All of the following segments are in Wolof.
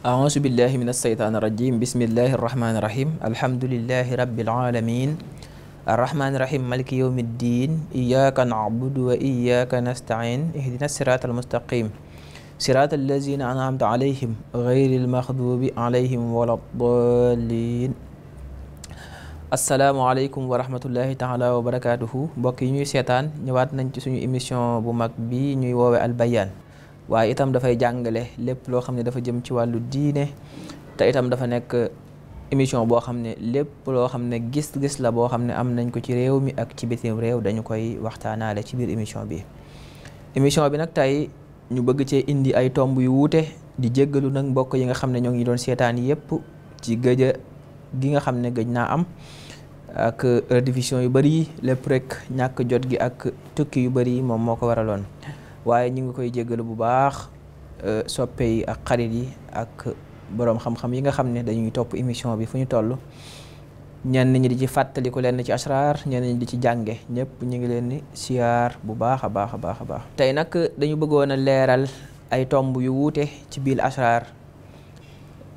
أعوذ بالله من الشيطان الرجيم بسم الله الرحمن الرحيم الحمد لله رب العالمين الرحمن الرحيم مالك يوم الدين إياك نعبد وإياك نستعين اهدنا الصراط المستقيم صراط الذين أنعمت عليهم غير المغضوب عليهم ولا الضالين asalaamaaleykum wa rahmatullahi taala wa barakaatuhu mbokk yi ñuy seetaan ñëwaat nañ ci suñu émission bu mag bi ñuy woowee albayaan waaye itam dafay jàngale lépp loo xam ne dafa jëm ci wàllu diine te itam dafa nekk émission boo xam ne lépp loo xam ne gis-gis la boo xam ne am nañ ko ci réew mi ak ci bitim réew dañu koy waxtaanaale ci biir émission bi émission bi nag tey ñu bëgg cee indi ay tomb yu wuute di jëggalu nag mbokk yi nga xam ne ñoo ngi doon seetaan yépp ci gëj gi nga xam ne gëj naa am ak rediffusion yu bari lépp rek ñàkk jot gi ak tukki yu bari moom moo ko waraloon. waaye ñu ngi koy jéggalu bu baax euh, soppe yi ak xarit yi ak boroom xam-xam yi nga xam ne dañuy topp émission bi fu ñu toll ñenn ñi di ci fàttaliku leen ci asraar ñenn ñi di ci jànge ñëpp ñu ngi leen di siyaar bu baax a baax a baax a baax tey nag dañu bëggoon a leeral ay tomb yu wuute ci biir asraar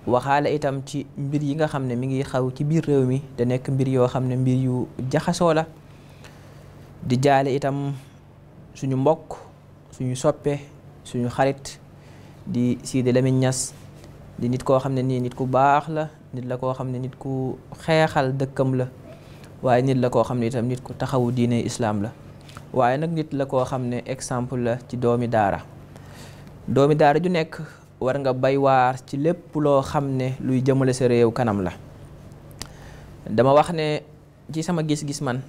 waxaale itam ci mbir yi nga xam ne mi ngi xaw ci biir réew mi da nekk mbir yoo xam ne mbir yu jaxasoo la di jaale itam suñu mbokk suñu soppe suñu xarit di Sidi Lamine ñas di nit koo xam ne nii nit ku baax la nit la koo xam ne nit ku xeexal dëkkam la waaye nit la koo xam ne itam nit ku taxawu diine islaam la waaye nag nit la koo xam ne exemple la ci doomi daara doomi daara ju nekk war nga bay waar ci lépp loo xam ne luy jëmale sa réew kanam la dama wax ne ci sama gis-gis man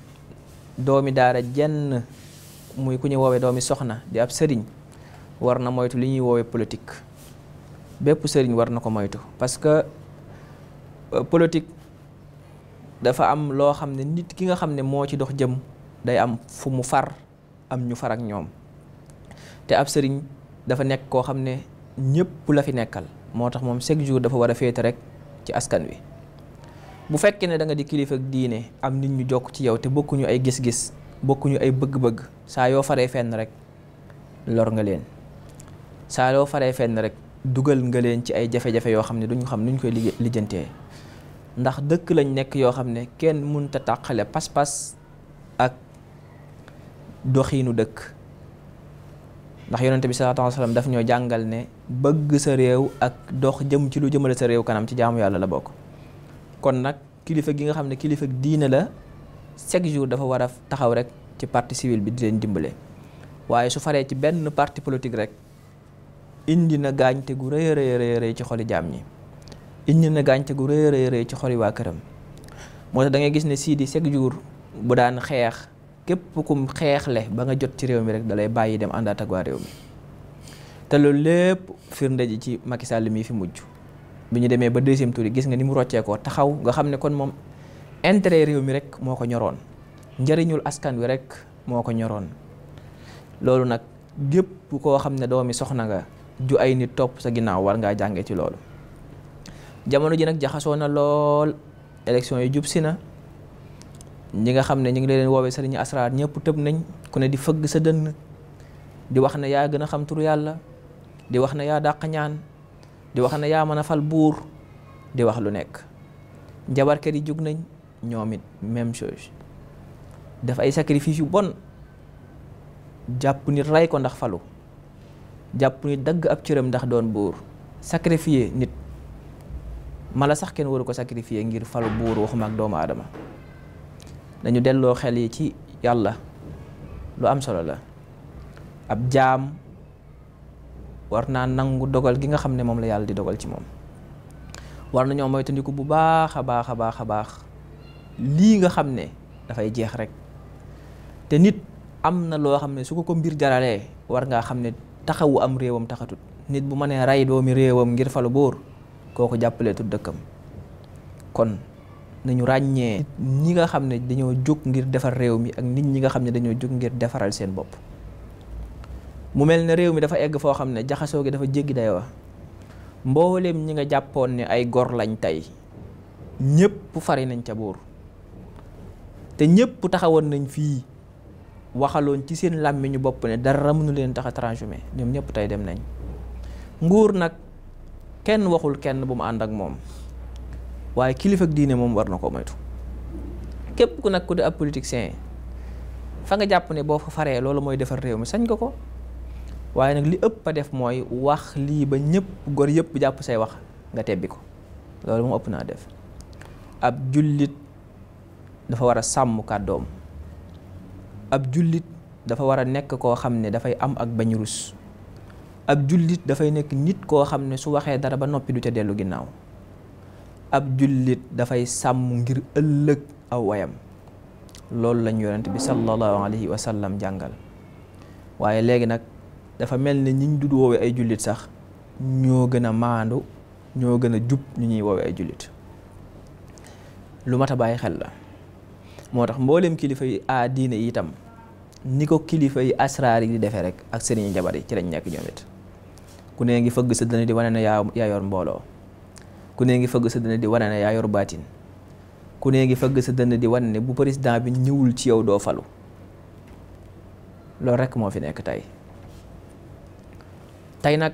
doomi daara jenn muy ku ñu woowee doomi soxna di ab sëriñ war na moytu li ñuy woowee politique bépp sëriñ war na ko moytu parce que euh, politique dafa am loo xam ne nit ki nga xam ne moo ci dox jëm day am fu mu far am ñu far ak ñoom te ab sëriñ dafa nekk koo xam ne ñëpp la fi nekkal moo tax moom chaque jour dafa war a féete rek ci askan wi bu fekkee ne danga di kilifa ak diine am nit ñu jokk ci yow te bokkuñu ay gis-gis bokkuñu ay bëgg-bëgg saa yoo faree fenn rek lor nga leen saa yoo faree fenn rek dugal nga leen ci ay jafe-jafe yoo xam ne duñu xam nuñ koy lijjantee ndax dëkk lañ nekk yoo xam ne kenn mënut a tàqale pas-pas ak doxiinu dëkk ndax yonente bi salaatu wasalaam daf ñoo jàngal ne bëgg sa réew ak dox jëm ci lu jëmale sa réew kanam ci jaamu yàlla la bokk kon nag kilifa gi nga xam ne kilifa diine la chaque jour dafa war a taxaw rek ci parti civile bi di leen dimbale waaye su faree ci benn parti politique rek indi na gaañte gu rëy rëy ci xoli jaam ñi indi na gaañte gu rëy rëy ci xoli waa këram moo tax da ngay gis ne di chaque jour bu daan xeex képp kum xeexle ba nga jot ci réew mi rek dalay bàyyi dem àndaat ak réew mi te loolu lépp firnde ji ci Macky Sall mii fi mujj bi ñu demee ba deuxième tour yi gis nga ni mu roccee taxaw nga xam ne kon moom intere réew mi rek moo ko ñoroon njëriñul askan wi rek moo ko ñoroon loolu nag gépp koo xam ne doomi soxna nga ju ay nit topp sa ginnaaw war ngaa jànge ci loolu jamono ji nag jaxasoo na lool élection yi jub si na ñi nga xam ne ñu ngi leen woowee sëriñu asraar ñëpp tëb nañ ku ne di fëgg sa dënn di wax na yaa gën a xam turu yàlla di wax na yaa dàq ñaan di wax na yaa mën a fal buur di wax lu nekk njabarkat yi jóg nañ ñoom it même chose def ay sacrifice yu bon jàpp nit rey ko ndax falu jàpp nit dagg ab cëram ndax doon buur sacrifier nit mala sax kenn waru ko sacrifier ngir falu buur waxuma ak doomu aadama dañu delloo xel yi ci yàlla lu am solo la ab jaam war naa nangu dogal gi nga xam ne moom la yàlla di dogal ci moom war nañoo moytandiku bu baax a baax a baax a baax lii nga xam ne dafay jeex rek te nit am na loo xam ne su ko ko mbir jaralee war ngaa xam ne taxawu am réewam taxatut nit bu ma nee ray doomi réewam ngir falu bóor kooku jàppalee tut dëkkam kon nañu ràññee ñi nga xam ne dañoo jóg ngir defar réew mi ak nit ñi nga xam ne dañoo jóg ngir defaral seen bopp mu mel ne réew mi dafa egg foo xam ne jaxasoo gi dafa jéggi day wax mbooleem ñi nga jàppoon ne ay gor lañ tey ñépp fari nañ ca boor te ñëpp taxawoon nañ fii waxaloon ci seen làmmiñu bopp ne dara mënu leen taxa a transhumé ñoom ñëpp tey dem nañ nguur nag kenn waxul kenn bu mu ànd ak moom waaye kilifa ak diine moom war na ko moytu képp ku nag ku di ab politicien fa nga jàpp ne boo fa faree loolu mooy defar réew mi sañ ko ko waaye nag li ëpp a def mooy wax lii ba ñëpp gor yëpp jàpp say wax nga tebbi ko loolu moom ëpp naa def ab jullit dafa war a sàmm kàddoom ab jullit dafa war a nekk koo xam ne dafay am ak bañ rus ab jullit dafay nekk nit koo xam ne su waxee dara ba noppi du ca dellu ginnaaw ab jullit dafay sàmm ngir ëllëg aw wayam loolu lañu yorant bi sallallahu alayhi wa sallam jàngal waaye léegi nag dafa mel ne ñiñ du woowe ay jullit sax ñoo gën a maandu ñoo gën a jub ñu ñuy woowe ay jullit lu mat a bàyyi xel la moo tax mbooleem kilifa yi a diine yi itam ni ko kilifa yi asraar yi di defee rek ak sëriñ jabar yi ci lañ nekk ñoom ku ne ngi fëgg sa dana di wane ne yaa yaa yor mbooloo ku ne ngi fëgg sa di wane ne yaa baatin ku ne ngi fëgg sa dana di wane bu président bi ñëwul ci yow doo falu loolu rek moo fi nekk tey tey nag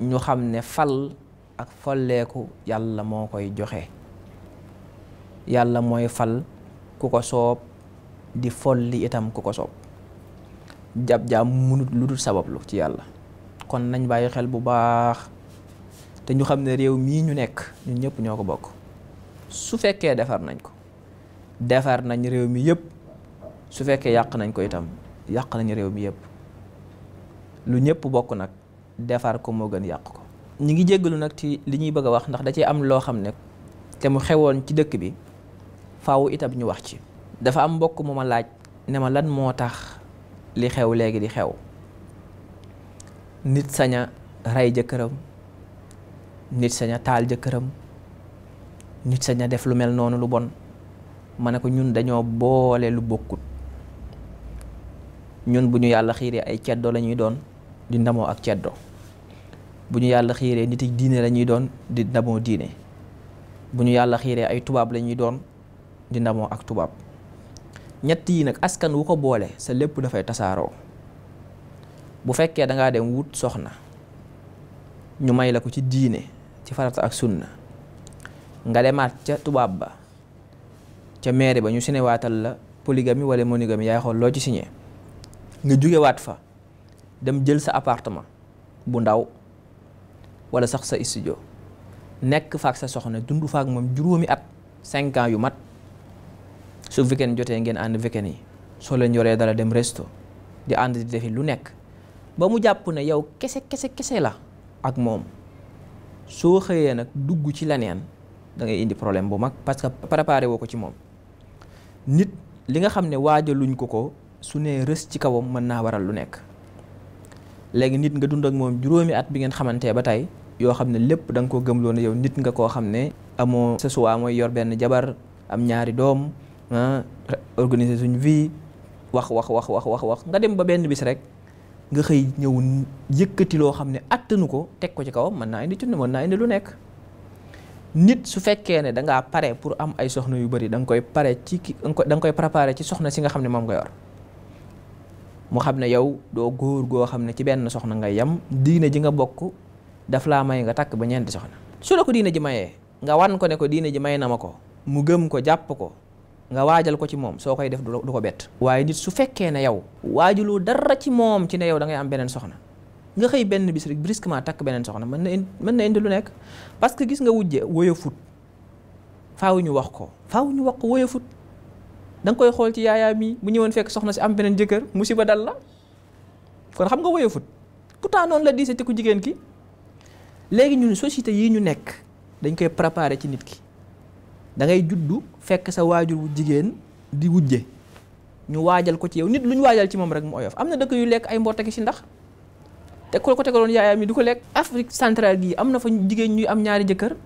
ñu xam ne fal ak folleeku yàlla moo koy joxe yàlla mooy fal ku ko soob di folli itam ku ko soob jab jaam munut lu dul sabablu ci yàlla kon nañ bàyyi xel bu baax te ñu xam ne réew mii ñu nekk ñu ñëpp ñoo ko bokk su fekkee defar nañ ko defar nañ réew mi yëpp su fekkee yàq nañ ko itam yàq nañ réew mi yëpp lu ñëpp bokk nag defar ko moo gën yàq ko. ñu ngi jéggalu nag ci li ñuy bëgg a wax ndax da cee am loo xam ne te mu xewoon ci dëkk bi. faaw itam ñu wax ci dafa am mbokk mu ma laaj ne ma lan moo tax li xew léegi di xew nit saña rey jëkkëram nit saña taal jëkkëram nit saña def lu mel noonu lu bon ma ne ko ñun dañoo boole lu bokkut ñun bu ñu yàlla xiiree ay ceddoo la ñuy doon di ndamoo ak ceddo bu ñu yàlla xiiree nit diine la doon di ndamoo diine bu ñu yàlla xiiree ay tubaab lañuy doon di ndamoo ak tubaab ñett yi nag askan wu ko boole sa lépp dafay tasaaroo bu fekkee dangaa dem wut soxna ñu may la ko ci diine ci farata ak sunna nga demaat ca tubaab ba ca mairie ba ñu sinewaatal la polygamie wala monogamie yaay xool loo ci signé nga jugewaat fa dem jël sa appartement bu ndaw wala sax sa studio nekk faak sa soxna dund faak moom juróomi at cinq yu mat su weekend jotee ngeen ànd weekend yi soo leen yoree dara dem resto di ànd di defi lu nekk ba mu jàpp ne yow kese kese kese la ak moom soo xëyee nag dugg ci leneen da ngay indi problème bu mag parce que préparé woo ko ci moom nit li nga xam ne waajaluñ ko ko su nee rës ci kawam mën naa waral lu nekk léegi nit nga dund ak moom juróomi at bi ngeen xamantee ba tey yoo xam ne lépp danga nga koo gëmloo ne yow nit nga koo xam ne amoo sa suwaa mooy yor benn jabar am ñaari doom Ah, organiser suñu vie wax wax wax wax wax wax nga dem ba benn bis rek nga xëy ñëw yëkkati loo xam ne attanu ko teg ko ci kawam mën naa indi cunne mën naa indi lu nekk nit su fekkee ne da ngaa pare pour am ay soxna yu bari da nga koy pare ci ki da nga koy préparer ci soxna si nga xam ne moom nga yor mu xam ne yow doo góor goo xam ne ci benn soxna nga yem diine ji nga bokk daf laa may nga takk ba ñeenti soxna su la ko diine ji mayee nga wan ko ne ko diine ji may na ma ko mu gëm ko jàpp ko nga waajal ko ci moom soo koy def du ko bett waaye nit su fekkee ne yow waajaloo dara ci moom ci ne yow da ngay am beneen soxna nga xëy benn bis rek takk beneen soxna mën na mën na indi lu nekk parce que gis nga wujje woyofut faaw ñu wax ko faaw ñu wax ko woyofut da nga koy xool ci yaayaa mi mu ñëwoon fekk soxna si am beneen jëkkër musiba dal la kon xam nga woyofut pourtant noonu la te ku jigéen ki léegi ñun société yii ñu nekk dañ koy préparer ci nit ki da ngay juddu fekk sa waajur wu jigéen di wujje ñu waajal ko ci yow nit lu ñu waajal ci moom rek mu oyof am na dëkk yu lekk ay mbooteki si ndax te ko ko tegaloon yaayam yi du ko lekk Afrique centrale gii am na fa jigéen ñuy am ñaari jëkkër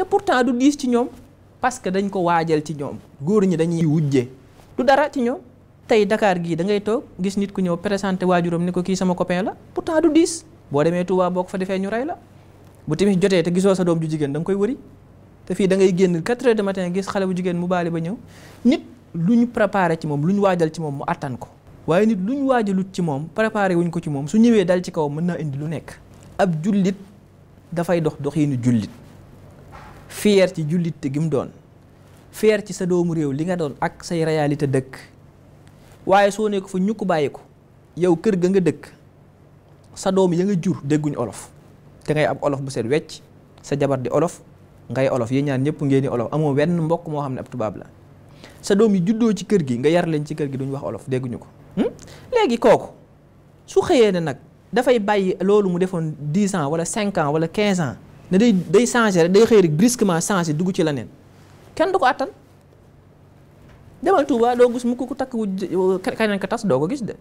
te pourtant du diis ci ñoom parce que dañ ko waajal ci ñoom góor ñi dañuy wujje du dara ci ñoom tey dakaar gii da ngay toog gis nit ku ñëw présenté waajuram ni ko kii sama copain la pourtant du diis boo demee Touba boo ko fa defee ñu rey la bu timis jotee te gisoo sa doom ju jigéen da nga koy wëri te fii da génn 4 heures de matin gis xale bu jigéen mu baale ba ñëw nit lu ñu préparé ci moom lu ñu waajal ci moom mu attan ko waaye nit lu ñu waajalut ci moom préparé wuñ ko ci moom su ñëwee dal ci kaw mën naa indi lu nekk ab jullit dafay dox doxiinu jullit fier ci jullit te gi mu doon fier ci sa doomu réew li nga doon ak say réalité dëkk waaye soo nekk fa ñu ko bàyyi ko yow kër ga nga dëkk sa doom ya nga jur dégguñu olof te ngay am olof bu seen wecc sa jabar olof ngay olof yéen ñaar ñëpp ngeen di olof amoo wenn mbokk moo xam ne ab tubaab la sa doom yi juddoo ci kër gi nga yar leen ci kër gi duñu wax olof ñu ko hmm? léegi kooku su xëyee ne nag dafay bàyyi loolu mu defoon 10 ans wala 5 ans wala 15 ans ne day day changé day xëy rek brusquement changé dugg ci leneen kenn du ko attan demal Touba doo gis mukk ku takk wu keneen ka tas doo ko gis de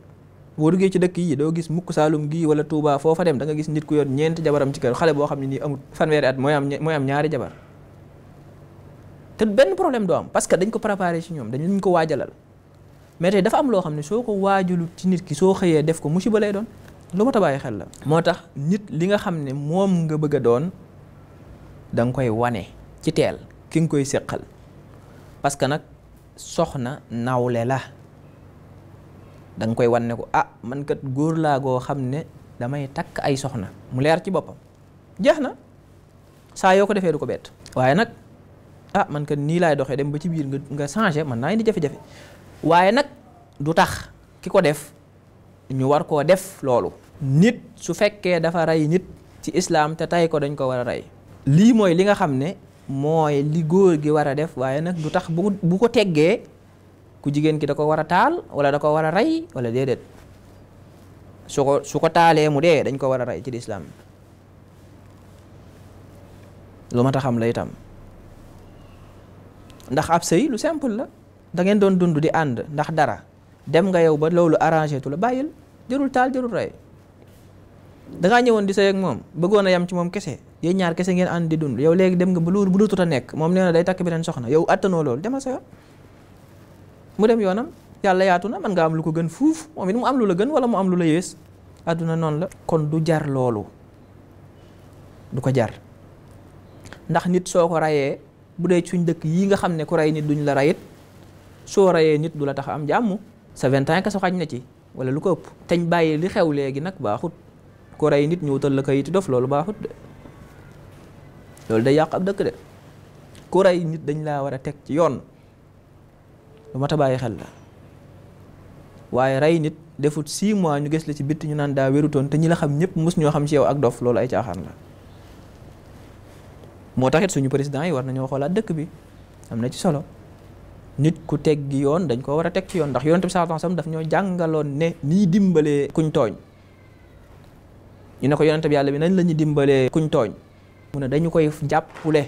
boo ci dëkk yi doo gis mukk Saalum gii wala Touba foofa dem da gis nit ku yor ñeenti jabaram ci kër xale boo xam ni nii amul fanweeri at mooy am mooy am ñaari jabar te benn problème doo am parce que dañ ko préparé ci ñoom dañu ko waajalal mais tey dafa am loo xam ne soo ko waajalut ci nit ki soo xëyee def ko musiba lay doon lu ma bàyyi xel la. moo tax nit li nga xam ne moom nga bëgg a doon da nga koy wane ci teel ki nga koy séqal parce que nag soxna nawle la. danga koy wan ne ko ah man kat góor laa goo xam ne damay takk ay soxna mu leer ci boppam jeex na saa yoo ko defee du ko bett waaye nag ah man kat nii laay doxee dem ba ci biir nga nga changé mën naa indi jafe-jafe waaye nag du tax ki ko def ñu war koo def loolu. nit su fekkee dafa rey nit ci islaam te tay ko dañ ko war a rey lii mooy li nga xam ne mooy li góor gi war a def waaye nag du tax bu bu ko teggee. ku jigéen ki da ko war a taal wala da ko war a rey wala déedéet su ko su ko taalee mu dee dañ ko war a rey ci lislaam lu mat a xam la itam ndax ab sëy lu simple la da ngeen doon dund di ànd ndax dara dem nga yaw ba loolu arrangé tu la bàyyil jërul taal jërul rey dangaa ñëwoon di sëy ak moom bëggoon a yem ci moom kese yéen ñaar kese ngeen ànd di dund yow léegi dem nga ba loolu bu dutut a nekk moom nee na day takk beneen soxna yow attanoo loolu demal sa mu dem yoonam yàlla yaatu na mën nga am lu ko gën fuuf moom it mu am lu la gën wala mu am lu la yées àdduna noonu la kon du jar loolu du ko jar ndax nit soo ko rayee bu dee suñ dëkk yi nga xam ne ku ray nit duñ la rayit soo rayee nit du la tax am jàmm sa vingt ans kaso xaj na ci wala lu ko ëpp teñ bàyyi li xew léegi nag baaxut ku rey nit ñu wutal la kayit dof loolu baaxut de loolu day yàq ab dëkk de ku rey nit dañ laa war a teg ci yoon lu mat bàyyi xel la waaye rey nit defut 6 mois ñu gis la ci bitti ñu naan daa wérutoon te ñi la xam ñëpp mos ñoo xam ci yow ak dof loolu ay caaxaan la moo taxit suñu président yi war nañoo xoolaat dëkk bi am na ci solo nit ku teg gi yoon dañ ko war a teg ci yoon ndax yonent bi sallallahu alayhi daf ñoo jàngaloon ne nii dimbalee kuñ tooñ ñu ne ko yonent yàlla bi nañ la dimbalee kuñ tooñ mu ne dañu koy jàppule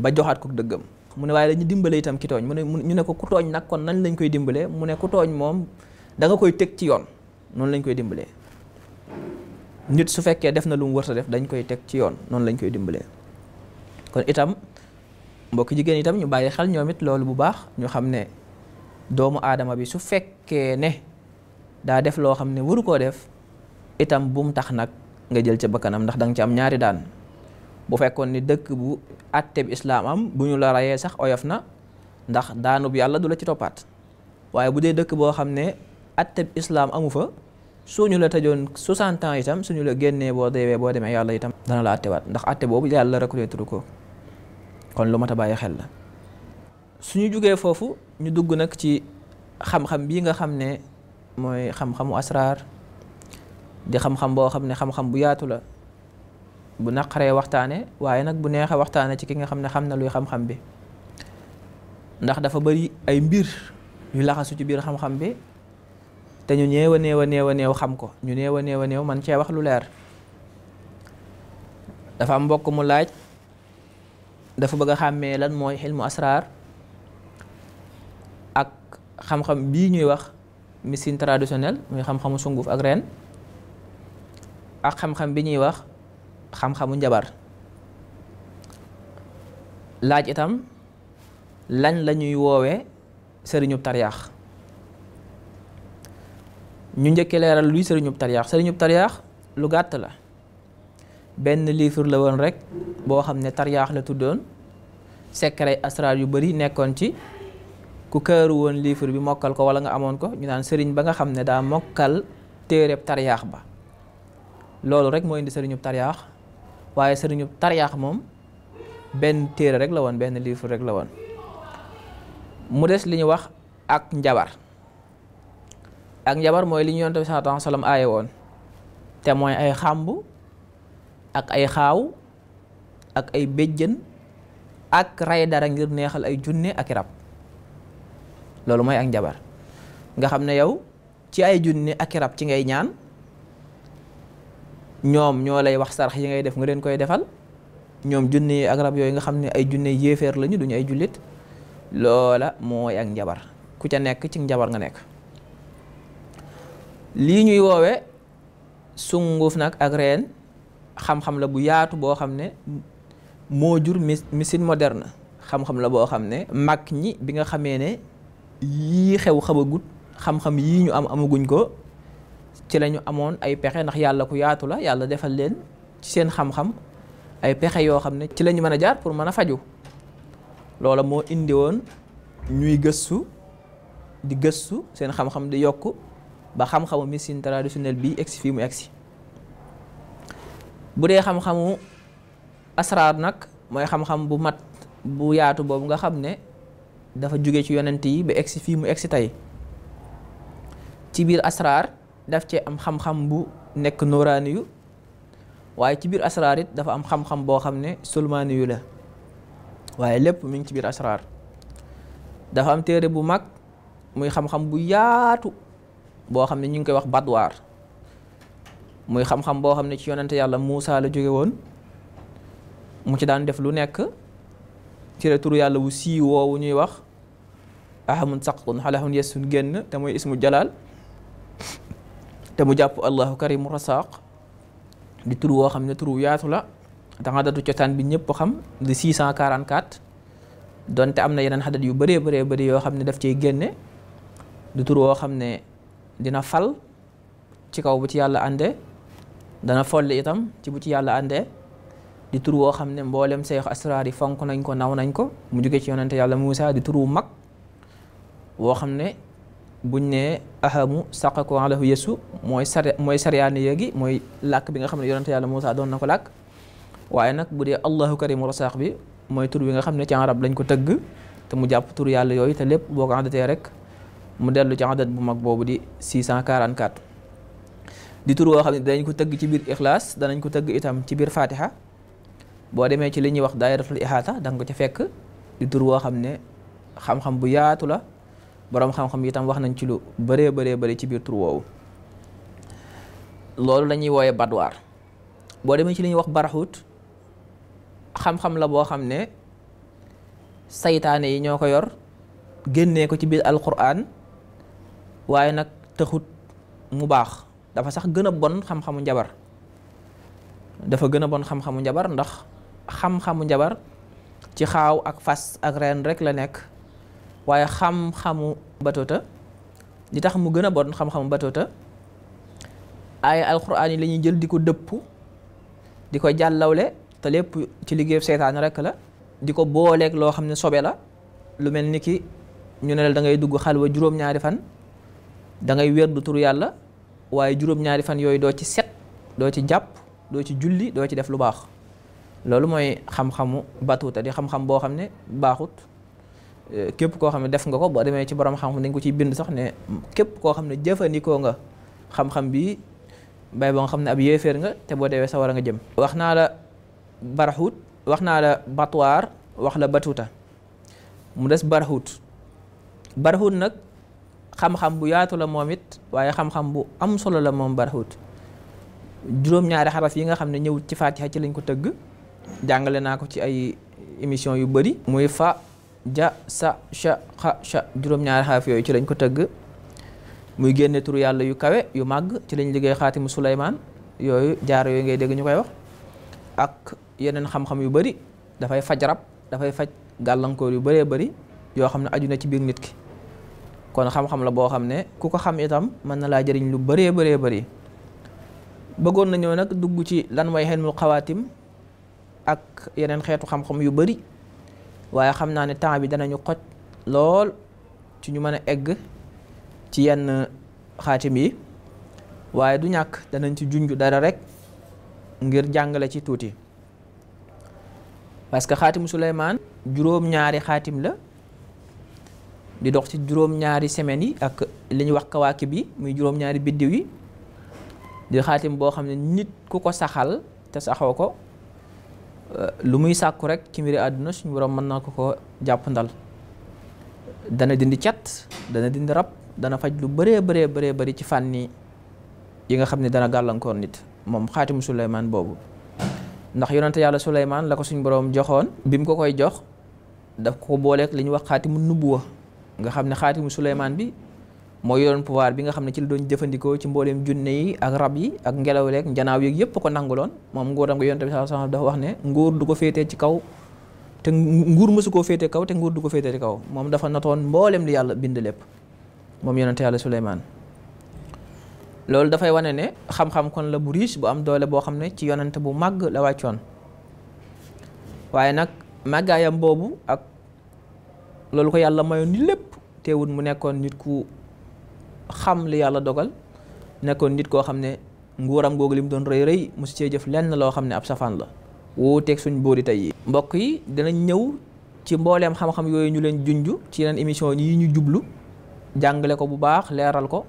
ba joxaat ko dëggam mu ne waaye dañu dimbale itam ki tooñ mu ne ñu ne ko ku tooñ nag kon nan lañ koy dimbalee mu ne ku tooñ moom da nga koy teg ci yoon noonu lañ koy dimbalee nit su fekkee def na lu mu wërta def dañ koy teg ci yoon noonu lañ koy dimbalee kon itam mbokki jigéen itam ñu bàyyi xel ñoom it loolu bu baax ñu xam ne doomu aadama bi su fekkee ne daa def loo xam ne waru koo def itam bu mu tax nag nga jël ca bakkanam ndax danga ci am ñaari daan bu fekkoon ni dëkk bu àtte bi islaam am bu ñu la rayee sax oyof na ndax daanub yàlla du la ci toppaat waaye bu dee dëkk boo xam ne àtte bi islaam amu fa ñu la tëjoon 60 ans itam suñu la génnee boo deewee boo demee yàlla itam dana la àttewaat ndax àtte boobu yàlla reconnaître ko kon lu mat bàyyi xel la suñu jógee foofu ñu dugg nag ci xam-xam bii nga xam ne mooy xam-xamu asraar di xam-xam boo xam ne xam-xam bu yaatu la bu naqaree waxtaane waaye nag bu neexee waxtaane ci ki nga xam ne xam na luy xam-xam bi ndax dafa bari ay mbir yu laxasu ci biir xam-xam bi te ñu néew a neew a néew xam ko ñu néew a neew a néew man cee wax lu leer dafa am mbokk mu laaj dafa bëgg a xàmmee lan mooy xilmu asraar ak xam-xam bii ñuy wax médecine traditionnelle muy xam-xamu sunguf ak reen ak xam-xam bi ñuy wax xam-xamu njabar laaj itam lañ la ñuy woowee sëriñub tariyaax ñu njëkkee leeral luy sëriñub tariyaax sëriñub tariyaax lu gàtt la benn livre la woon rek boo xam ne tariyaax la tuddoon secret asraar yu bari nekkoon ci ku këru woon livre bi mokkal ko wala nga amoon ko ñu naan sëriñ ba nga xam ne daa mokkal téereb tariyaax ba loolu rek moo indi sëriñub tariyaax waaye sëriñu tariyaax moom benn téere rek la woon benn livre rek la woon mu des li ñu wax ak njabar ak njabar mooy li ñu yonent bi sallallahu alayhi aaye woon te mooy ay xàmb ak ay xaaw ak ay béjjën ak ray dara ngir neexal ay junne ak rab loolu mooy ak njabar nga xam ne yow ci ay junne ak i rab ci ngay ñaan ñoom ñoo lay wax sarax yi ngay def nga leen koy defal ñoom junne ak rab yooyu nga xam ne ay junne yéeféer lañu duñu ay jullit loola mooy ak njabar ku ca nekk ci njabar nga nekk lii ñuy woowe sunguf nag ak reen xam-xam la bu yaatu boo xam ne moo jur médecine moderne xam-xam la boo xam ne mag ñi bi nga xamee ne yii xew xamagut xam-xam yii ñu am amaguñ ko ci la ñu amoon ay pexe ndax yàlla ku yaatu la yàlla defal leen ci seen xam-xam ay pexe yoo xam ne ci la ñu mën a jaar pour mën a faju loola moo indi woon ñuy gëstu di gëstu seen xam-xam di yokk ba xam-xamu médecine traditionnelle bi egsi fii mu egsi bu dee xam-xamu nag mooy xam bu mat bu yaatu boobu nga xam ne dafa jóge ci yonent yi ba egsi fii mu egsi tey ci biir asraar def ci am xam-xam bu nekk nooraani yu waaye ci biir asraar it dafa am xam-xam boo xam ne sulmaani yu la waaye lépp mi ngi ci biir asraar dafa am téere bu mag muy xam-xam bu yaatu boo xam ne ñu ngi koy wax badwaar muy xam-xam boo xam ne ci yonante yàlla Muusa la jóge woon mu ci daan def lu nekk ci turu yàlla wu sii woowu ñuy wax ahamun saqun xalaxun yesun génn te mooy ismu jalaal te mu jàpp allahu karimu rasaq di tur woo xam ne tur wu yaatu la da nga datu cosaan bi ñëpp xam di 644 donte am na yeneen xadat yu bëree bëree bëri yoo xam ne daf cee génne du tur woo xam ne dina fal ci kaw bu ci yàlla àndee dana folli itam ci bu ci yàlla àndee di tur woo xam ne mboolem seex asraar yi fonk nañ ko naw nañ ko mu jóge ci yonente yàlla Muusa di tur wu mag woo xam ne buñ ne ahamu saqako alahu yesu mooy sar mooy saryaani yéegi mooy làkk bi nga xam ne yonente yàlla Moussa doon na ko lakk waaye nag bu dee allahu karimu rasaax bi mooy tur bi nga xam ne ci arab lañ ko tëgg te mu jàpp tur yàlla yooyu te lépp boo ko àndatee rek mu dellu ci àndat bu mag boobu di 644 di tur woo xam ne danañ ko tëgg ci biir ixlaas danañ ko tëgg itam ci biir fatiha boo demee ci li ñuy wax daayiratul ihaata da nga ca fekk di tur woo xam ne xam-xam bu yaatu la boroom xam-xam itam wax nañ ci lu bare bëree bëri ci biir tur woowu loolu lañuy ñuy wooyee badwaar boo demee ci li ñuy wax baraxut xam-xam la boo xam ne seytaane yi ñoo ko yor génnee ko ci biir alquran waaye nag taxut mu baax dafa sax gën a bon xam-xamu njabar dafa gën bon xam-xamu njabar ndax xam-xamu njabar ci xaaw ak fas ak reen rek la nekk waaye xam-xamu batota di tax mu gën a bon xam-xamu batota ay alxuraan yi la jël di ko dëpp di ko jàllawle te lépp ci liggéeyu seytaan rek la di ko booleek loo xam ne sobe la lu mel ni ki ñu ne la da ngay dugg xalwa juróom-ñaari fan dangay ngay du tur yàlla waaye juróom-ñaari fan yooyu doo ci set doo ci jàpp doo ci julli doo ci def lu baax loolu mooy xam-xamu batuta di xam-xam boo xam ne baaxut képp koo xam ne def nga ko boo demee ci borom xam-xam dañ ko ciy bind sax ne képp koo xam ne jëfandikoo nga xam-xam bi bay ba nga xam ne ab yéeféer nga te boo deewee sa war a nga jëm. wax naa la barxut wax naa la batwaar wax la batuta mu des barxut barxut nag xam-xam bu yaatu la moom it waaye xam-xam bu am solo la moom barxut juróom-ñaari xaraf yi nga xam ne ñëwut ci Fatiha ci lañ ko tëgg jàngale naa ko ci ay émission yu bëri. muy fa. ja sa cha xa cha juróom-ñaari xaraf yooyu ci lañ ko tëgg muy génne turu yàlla yu kawe yu màgg ci lañ liggéey xaatimu Suleymaan yooyu jaar yooyu ngay dégg ñu koy wax ak yeneen xam-xam yu bari dafay faj rab dafay faj gàllankoor yu bëree bari yoo xam ne aju na ci biir nit ki kon xam-xam la boo xam ne ku ko xam itam mën na laa jëriñ lu bëree bëree bari bëggoon nañoo nag dugg ci lan mooy xelmul xawaatim ak yeneen xeetu xam-xam yu bari waaye xam naa ne temps bi danañu xoj lool ci ñu mën a egg ci yenn xaatim yi waaye du ñàkk danañ ci junj dara rek ngir jàngale ci tuuti parce que xaatimu Suleymaan juróom-ñaari xaatim la di dox ci juróom-ñaari semaines yi ak li ñuy wax kawaakib bi muy juróom-ñaari biddiw yi di xaatim boo xam ne nit ku ko saxal te saxoo ko lu muy sàkku rek ci mbiri àdduna suñ borom mën na ko ko jàpp ndal dana dindi cat dana dindi rab dana faj lu bëree bëree bëree bari ci fànni yi nga xam ne dana gàllankoor nit moom xaatimu Suleymaan boobu ndax yonante yàlla Suleymaan la ko suñu boroom joxoon bi mu ko koy jox daf ko booleek li ñuy wax xaatimu nubuwa nga xam ne xaatimu Suleymaan bi moo yoroon pouvoir bi nga xam ne ci la doon jëfandikoo ci mbooleem junne yi ak yi ak ngelaw leeg njanaaw yeeg yëpp ko nanguloon moom nguuram nga yonent bi sallallahu alayhi wasallam dafa wax ne nguur du ko féetee ci kaw te nguur mësu koo féetee kaw te nguur du ko féetee ci kaw moom dafa natoon mbooleem li yàlla bind lépp moom yonent yàlla Suleymaan loolu dafay wane ne xam-xam kon la bu riche bu am doole boo xam ne ci yonent bu màgg la wàccoon waaye nag màggaayam boobu ak loolu ko yàlla mayoon ni lépp teewul mu nekkoon nit ku xam li yàlla dogal nekkoon nit koo xam ne nguuram googu li mu doon rëy rëy mosu cee jëf lenn loo xam ne ab safaan la wuuteeg suñ bóori tey yi mbokk yi dinañ ñëw ci mbooleem xam-xam yooyu ñu leen junju ci leen émission yi ñu jublu jàngale ko bu baax leeral ko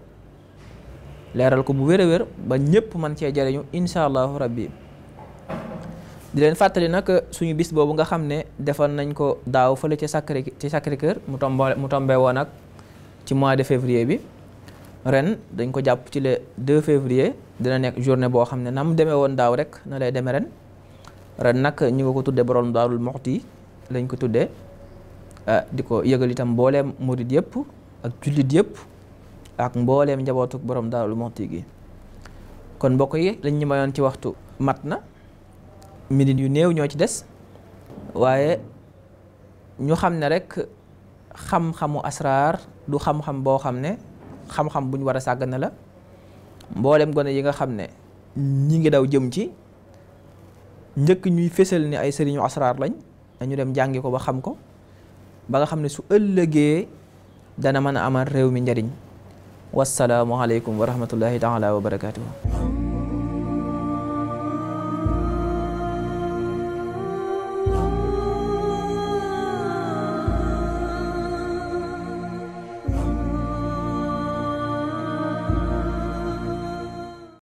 leeral ko bu wér a wér ba ñëpp mën cee jariñu incha allahu rabbi di leen fàttali nag suñu bis boobu nga xam ne defoon nañ ko daaw fa ci Sacré ci Sacré-Cœur mu tombé mu tombé woon ak ci mois de février bi ren dañ ko jàpp ci le 2 février dina nekk journée boo xam ne na mu demee woon daaw rek na lay demee ren ren nag ñu ngi ko tuddee borom daarul moxti lañ ko tuddee ah, di ko yëgal itam mbooleem murid yëpp ak jullit yëpp ak mbooleem njabootuk borom daarul moxti gi kon mbokk yi lañ ñu mayoon ci waxtu mat na minit yu néew ñoo ci des waaye ñu xam ne rek xam-xamu asraar du xam-xam boo xam ne xam-xam bu ñu war a sàggane la mboolem gone yi nga xam ne ñi ngi daw jëm ci njëkk ñuy fésal ni ay sëriñu asraar lañ dañu dem jàngi ko ba xam ko ba nga xam ne su ëllëgee dana mën a amal réew mi njariñ wasalaamualeykum wa rahmatullahi taala wa barakaatuhu